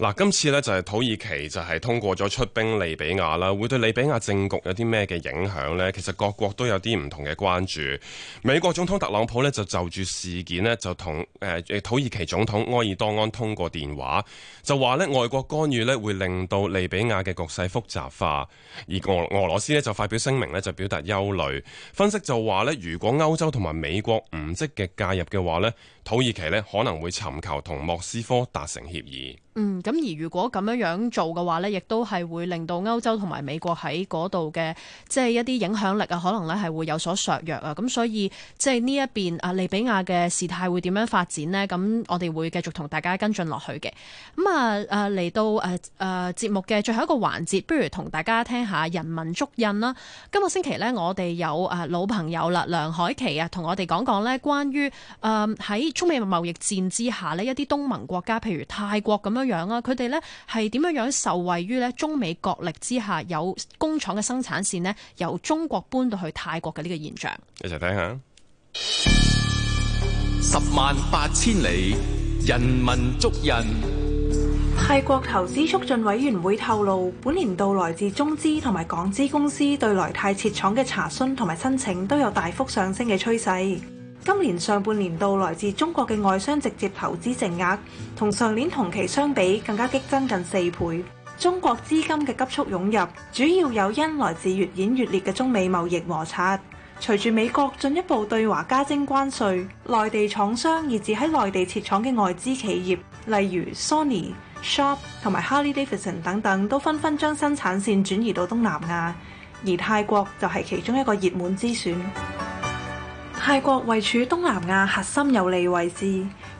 [SPEAKER 5] 嗱，今次呢就係土耳其就係通過咗出兵利比亞啦，會對利比亞政局有啲咩嘅影響呢？其實各國都有啲唔同嘅關注。美國總統特朗普呢，就就住事件呢，就同誒土耳其總統埃爾多安通過電話，就話呢外國干預呢會令到利比亞嘅局勢複雜化。而俄俄羅斯呢，就發表聲明呢，就表達憂慮。分析就話呢：如果歐洲同埋美國唔積極介入嘅話呢，土耳其呢可能會尋求同莫斯科達成協議。
[SPEAKER 4] 嗯，咁而如果咁樣樣做嘅話咧，亦都係會令到歐洲同埋美國喺嗰度嘅，即係一啲影響力啊，可能咧係會有所削弱啊。咁所以即係呢一邊啊利比亞嘅事態會點樣發展咧？咁我哋會繼續同大家跟進落去嘅。咁啊啊嚟到誒誒節目嘅最後一個環節，不如同大家聽下人民足印啦。今個星期咧，我哋有誒老朋友啦，梁海琪啊，同我哋講講咧關於誒喺中美貿易戰之下咧，一啲東盟國家譬如泰國咁樣樣啊！佢哋咧係點樣樣受惠於咧中美角力之下，有工廠嘅生產線咧由中國搬到去泰國嘅呢個現象。
[SPEAKER 5] 一齊睇下。十
[SPEAKER 2] 萬八千里，人民足印。
[SPEAKER 6] 泰國投資促進委員會透露，本年度來自中資同埋港資公司對來泰設廠嘅查詢同埋申請都有大幅上升嘅趨勢。今年上半年度來自中國嘅外商直接投資淨額，同上年同期相比更加激增近四倍。中國資金嘅急速湧入，主要有因來自越演越烈嘅中美貿易摩擦。隨住美國進一步對華加徵關稅，內地廠商以至喺內地設廠嘅外資企業，例如 Sony、Sharp 同埋 Harley-Davidson 等等，都紛紛將生產線轉移到東南亞，而泰國就係其中一個熱門之選。泰國位處東南亞核心有利位置，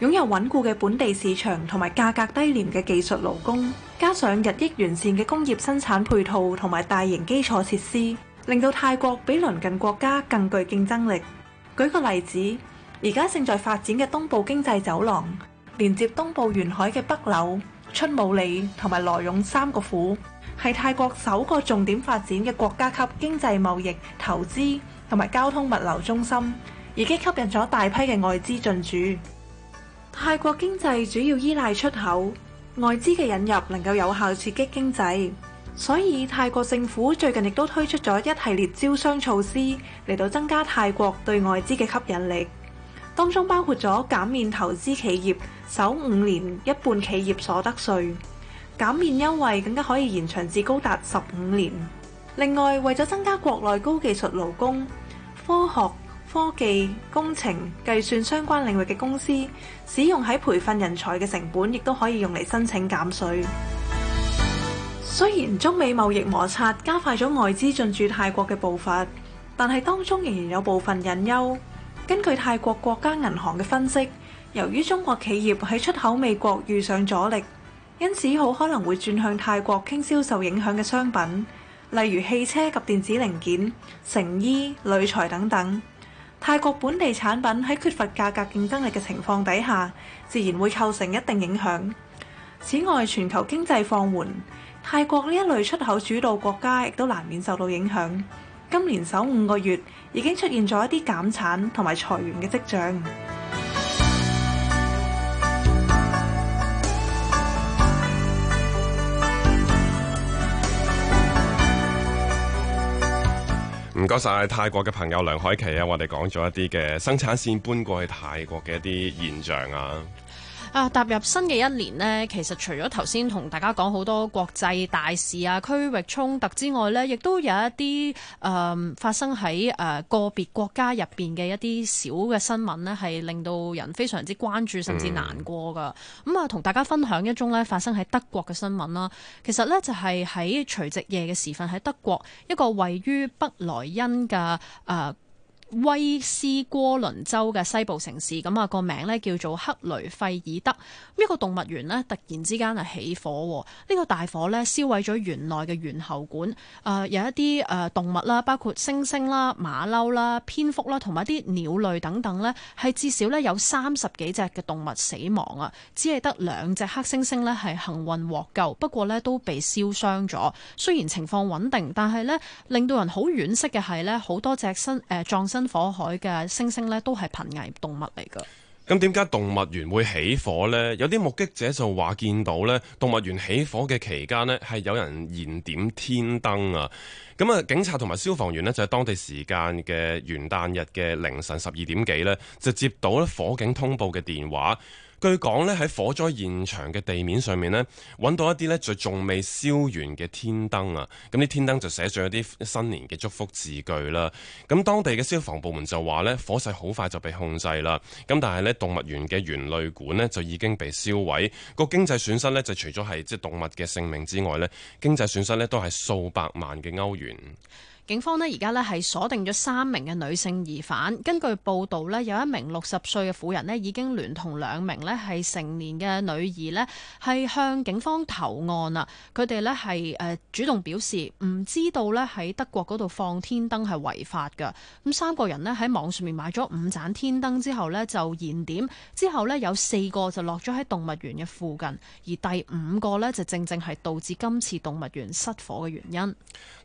[SPEAKER 6] 擁有穩固嘅本地市場同埋價格低廉嘅技術勞工，加上日益完善嘅工業生產配套同埋大型基礎設施，令到泰國比鄰近國家更具競爭力。舉個例子，而家正在發展嘅東部經濟走廊，連接東部沿海嘅北柳、春武里同埋羅勇三個府，係泰國首個重點發展嘅國家級經濟貿易投資同埋交通物流中心，已經吸引咗大批嘅外資進駐。泰國經濟主要依賴出口，外資嘅引入能夠有效刺激經濟，所以泰國政府最近亦都推出咗一系列招商措施嚟到增加泰國對外資嘅吸引力。當中包括咗減免投資企業首五年一半企業所得稅，減免優惠更加可以延長至高達十五年。另外，為咗增加國內高技術勞工。科學、科技、工程、計算相關領域嘅公司，使用喺培訓人才嘅成本，亦都可以用嚟申請減稅。 雖然中美貿易摩擦加快咗外資進駐泰國嘅步伐，但係當中仍然有部分隱憂。根據泰國國家銀行嘅分析，由於中國企業喺出口美國遇上阻力，因此好可能會轉向泰國傾銷受影響嘅商品。例如汽車及電子零件、成衣、鋁材等等，泰國本地產品喺缺乏價格競爭力嘅情況底下，自然會構成一定影響。此外，全球經濟放緩，泰國呢一類出口主導國家亦都難免受到影響。今年首五個月已經出現咗一啲減產同埋裁員嘅跡象。
[SPEAKER 5] 唔該晒泰國嘅朋友梁海琪啊，我哋講咗一啲嘅生產線搬過去泰國嘅一啲現象啊。
[SPEAKER 4] 啊！踏入新嘅一年呢，其實除咗頭先同大家講好多國際大事啊、區域衝突之外呢，亦都有一啲誒、呃、發生喺誒、呃、個別國家入邊嘅一啲小嘅新聞呢，係令到人非常之關注，甚至難過噶。咁、mm. 啊，同大家分享一宗呢發生喺德國嘅新聞啦。其實呢，就係喺除夕夜嘅時分喺德國一個位於北萊茵嘅誒，呃威斯哥倫州嘅西部城市，咁啊個名咧叫做克雷費爾德，呢個動物園咧突然之間啊起火，呢、這個大火咧燒毀咗園內嘅猿猴館，啊、呃、有一啲誒、呃、動物啦，包括猩猩啦、馬騮啦、蝙蝠啦，同埋一啲鳥類等等咧，係至少咧有三十幾隻嘅動物死亡啊，只係得兩隻黑猩猩咧係幸運獲救，不過咧都被燒傷咗，雖然情況穩定，但係咧令到人好惋惜嘅係咧，好多隻身誒葬身。呃火海嘅猩猩咧，都係瀕危動物嚟噶。
[SPEAKER 5] 咁點解動物園會起火呢？有啲目擊者就話見到咧，動物園起火嘅期間咧，係有人燃點天燈啊。咁啊，警察同埋消防員咧，就喺當地時間嘅元旦日嘅凌晨十二點幾呢，就接到咧火警通報嘅電話。據講咧，喺火災現場嘅地面上面咧，揾到一啲咧就仲未燒完嘅天燈啊！咁啲天燈就寫上一啲新年嘅祝福字句啦。咁當地嘅消防部門就話咧，火勢好快就被控制啦。咁但係咧，動物園嘅猿類館咧就已經被燒毀，個經濟損失咧就除咗係即係動物嘅性命之外咧，經濟損失咧都係數百萬嘅歐元。
[SPEAKER 4] 警方呢而家呢係鎖定咗三名嘅女性疑犯。根據報道呢，有一名六十歲嘅婦人呢已經聯同兩名呢係成年嘅女兒呢，係向警方投案啦。佢哋呢係誒主動表示唔知道呢，喺德國嗰度放天燈係違法噶，咁三個人呢，喺網上面買咗五盞天燈之後呢，就燃點之後呢，有四個就落咗喺動物園嘅附近，而第五個呢，就正正係導致今次動物園失火嘅原因。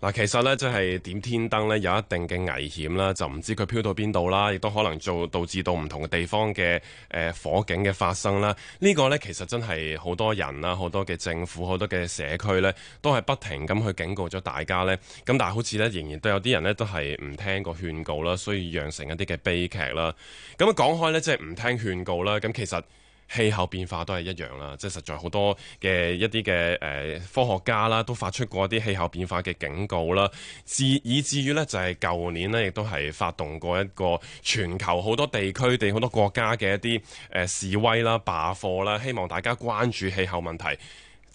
[SPEAKER 5] 嗱，其實呢，即係。咁天燈呢，有一定嘅危險啦，就唔知佢飄到邊度啦，亦都可能做導致到唔同嘅地方嘅誒火警嘅發生啦。呢、個呢，其實真係好多人啦，好多嘅政府、好多嘅社區呢，都係不停咁去警告咗大家呢。咁但係好似呢，仍然都有啲人呢，都係唔聽過勸告啦，所以釀成一啲嘅悲劇啦。咁啊講開呢，即係唔聽勸告啦。咁其實。氣候變化都係一樣啦，即係實在好多嘅一啲嘅誒科學家啦，都發出過一啲氣候變化嘅警告啦，至以至於呢，就係舊年呢，亦都係發動過一個全球好多地區地好多國家嘅一啲誒示威啦、罷課啦，希望大家關注氣候問題。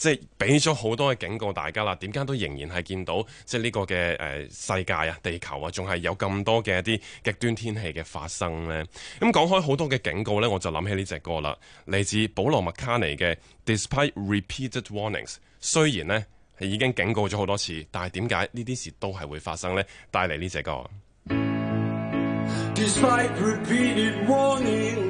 [SPEAKER 5] 即係俾咗好多嘅警告大家啦，點解都仍然係見到即係呢個嘅誒、呃、世界啊、地球啊，仲係有咁多嘅一啲極端天氣嘅發生呢？咁、嗯、講開好多嘅警告呢，我就諗起呢隻歌啦，嚟自保羅麥卡尼嘅 Despite Repeated Warnings。雖然呢係已經警告咗好多次，但係點解呢啲事都係會發生呢？帶嚟呢隻歌。
[SPEAKER 1] Despite repeated warning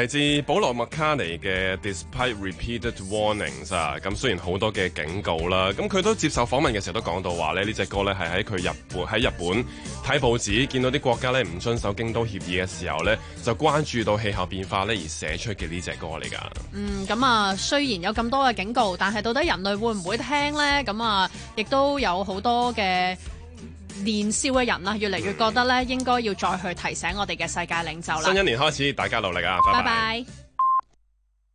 [SPEAKER 5] 嚟自保羅麥卡尼嘅 Despite repeated warnings 啊，咁雖然好多嘅警告啦，咁佢都接受訪問嘅時候都講到話咧呢隻歌咧係喺佢日活喺日本睇報紙見到啲國家咧唔遵守京都協議嘅時候咧就關注到氣候變化咧而寫出嘅呢隻歌嚟噶。
[SPEAKER 4] 嗯，咁啊，雖然有咁多嘅警告，但係到底人類會唔會聽咧？咁啊，亦都有好多嘅。年少嘅人啦，越嚟越覺得咧，應該要再去提醒我哋嘅世界領袖啦。新一年
[SPEAKER 3] 開始，大家努力啊！拜
[SPEAKER 4] 拜。